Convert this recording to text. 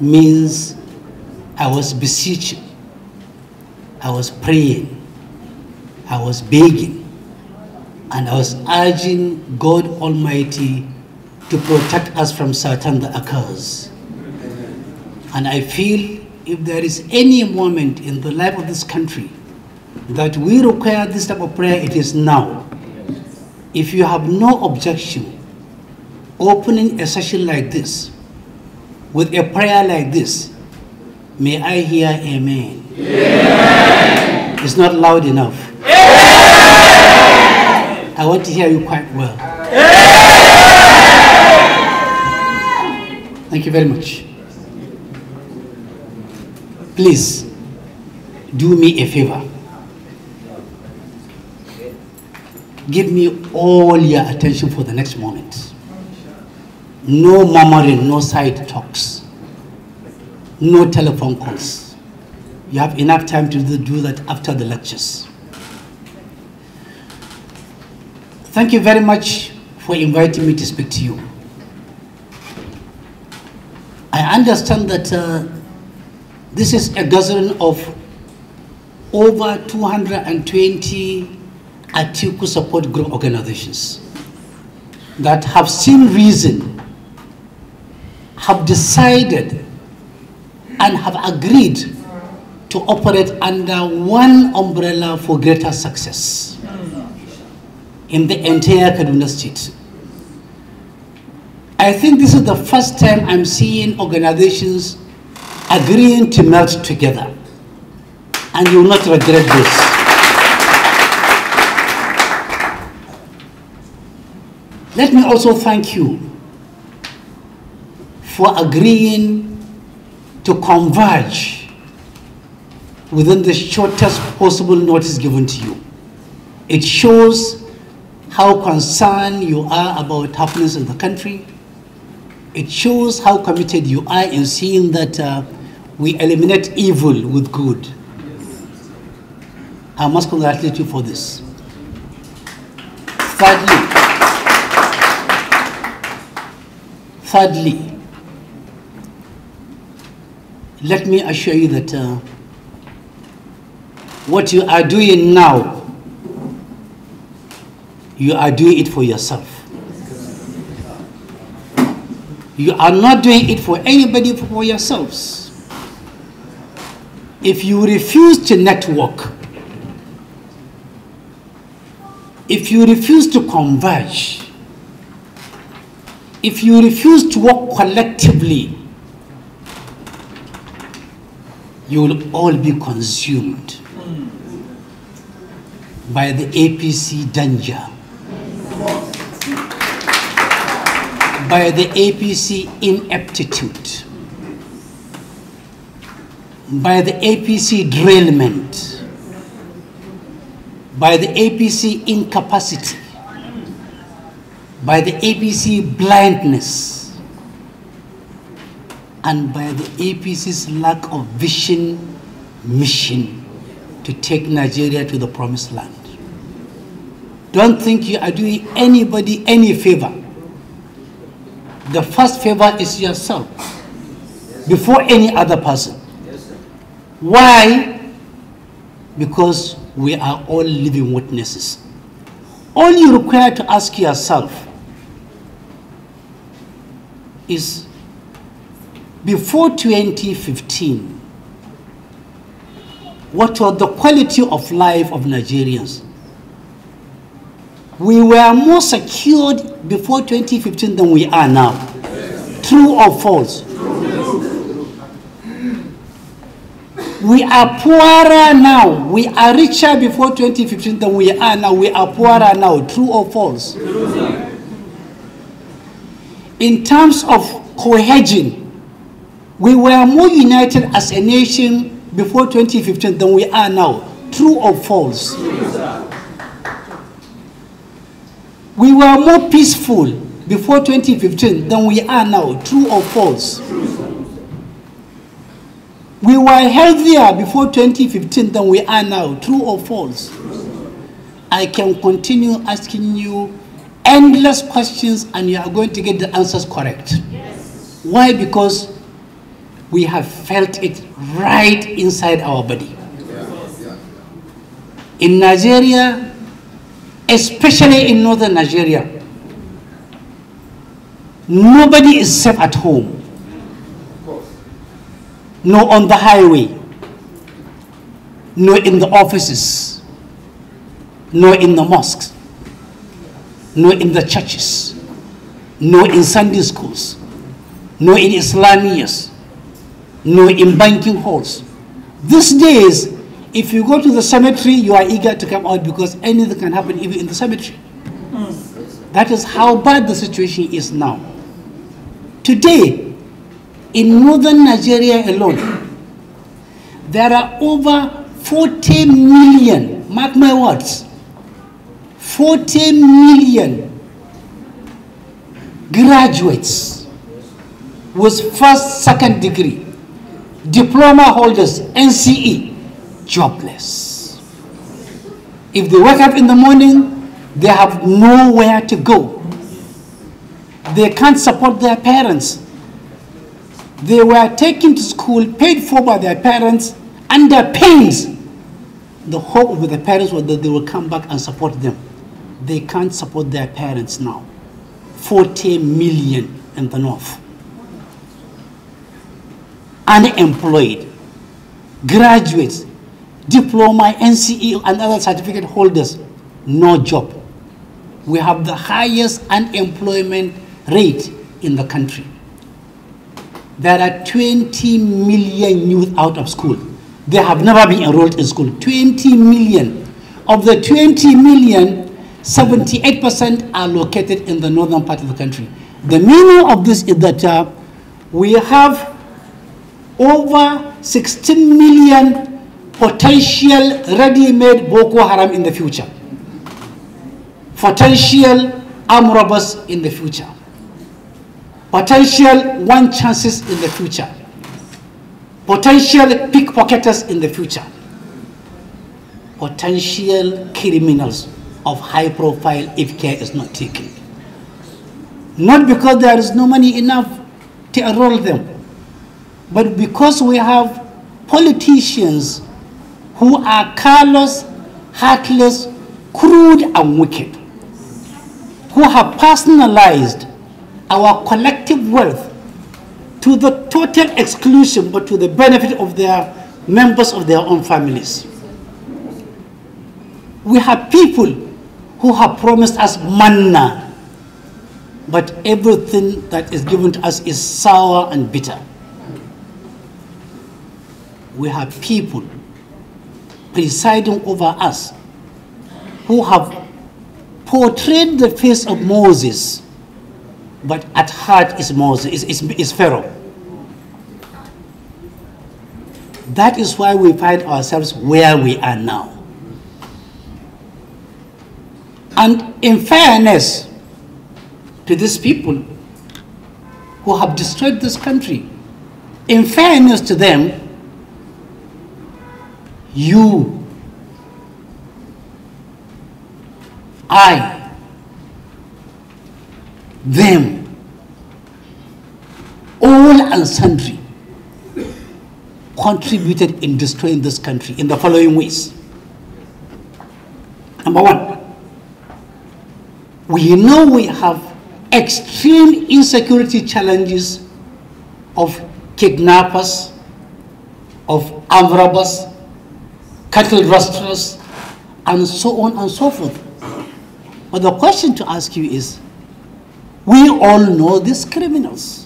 means I was beseeching, I was praying, I was begging, and I was urging God Almighty to protect us from Satan the occurs. And I feel if there is any moment in the life of this country that we require this type of prayer, it is now. If you have no objection, opening a session like this with a prayer like this May I hear Amen? Amen. It's not loud enough. Amen. I want to hear you quite well. Amen. Thank you very much. Please do me a favor. Give me all your attention for the next moment. No murmuring, no side talks, no telephone calls. You have enough time to do that after the lectures. Thank you very much for inviting me to speak to you. I understand that uh, this is a gathering of over 220 Atiku support group organizations that have seen reason have decided and have agreed to operate under one umbrella for greater success in the entire Kaduna state. I think this is the first time I'm seeing organizations agreeing to melt together. And you will not regret this. Let me also thank you for agreeing to converge within the shortest possible notice given to you. It shows how concerned you are about happiness in the country. It shows how committed you are in seeing that uh, we eliminate evil with good. I must congratulate you for this. Thirdly, thirdly, let me assure you that uh, what you are doing now, you are doing it for yourself. You are not doing it for anybody, for yourselves. If you refuse to network, if you refuse to converge, if you refuse to work collectively, you will all be consumed by the APC danger, by the APC ineptitude, by the APC drillment, by the APC incapacity, by the APC blindness and by the APC's lack of vision, mission to take Nigeria to the promised land. Don't think you are doing anybody any favor. The first favor is yourself before any other person. Why? Because we are all living witnesses. All you require to ask yourself is before 2015, what was the quality of life of Nigerians? We were more secured before 2015 than we are now. Yes. True or false? True. We are poorer now. We are richer before 2015 than we are now. We are poorer now. True or false? True. In terms of cohesion, we were more united as a nation before 2015 than we are now. True or false? True, we were more peaceful before 2015 than we are now. True or false? True, we were healthier before 2015 than we are now. True or false? True, I can continue asking you endless questions and you are going to get the answers correct. Yes. Why? Because we have felt it right inside our body. In Nigeria, especially in northern Nigeria, nobody is safe at home, no on the highway, no in the offices, no in the mosques, no in the churches, no in Sunday schools, no in Islamias no embanking holes. These days, if you go to the cemetery, you are eager to come out because anything can happen even in the cemetery. Mm. That is how bad the situation is now. Today, in northern Nigeria alone, there are over 40 million, mark my words, 40 million graduates with first, second degree diploma holders, NCE, jobless. If they wake up in the morning, they have nowhere to go. They can't support their parents. They were taken to school, paid for by their parents, under pains. The hope of the parents was that they will come back and support them. They can't support their parents now. 40 million in the north unemployed, graduates, diploma, NCE, and other certificate holders, no job. We have the highest unemployment rate in the country. There are 20 million youth out of school. They have never been enrolled in school. 20 million. Of the 20 million, 78% are located in the northern part of the country. The meaning of this is that uh, we have over 16 million potential ready-made Boko Haram in the future. Potential armed robbers in the future. Potential one chances in the future. Potential pickpocketers in the future. Potential criminals of high profile if care is not taken. Not because there is no money enough to enroll them but because we have politicians who are callous, heartless, crude, and wicked, who have personalized our collective wealth to the total exclusion but to the benefit of their members of their own families. We have people who have promised us manna, but everything that is given to us is sour and bitter we have people presiding over us who have portrayed the face of Moses, but at heart is Moses, is, is, is Pharaoh. That is why we find ourselves where we are now. And in fairness to these people who have destroyed this country, in fairness to them, you, I, them, all and sundry contributed in destroying this country in the following ways. Number one, we know we have extreme insecurity challenges of kidnappers, of armed robbers, cattle rustlers, and so on and so forth. But the question to ask you is, we all know these criminals.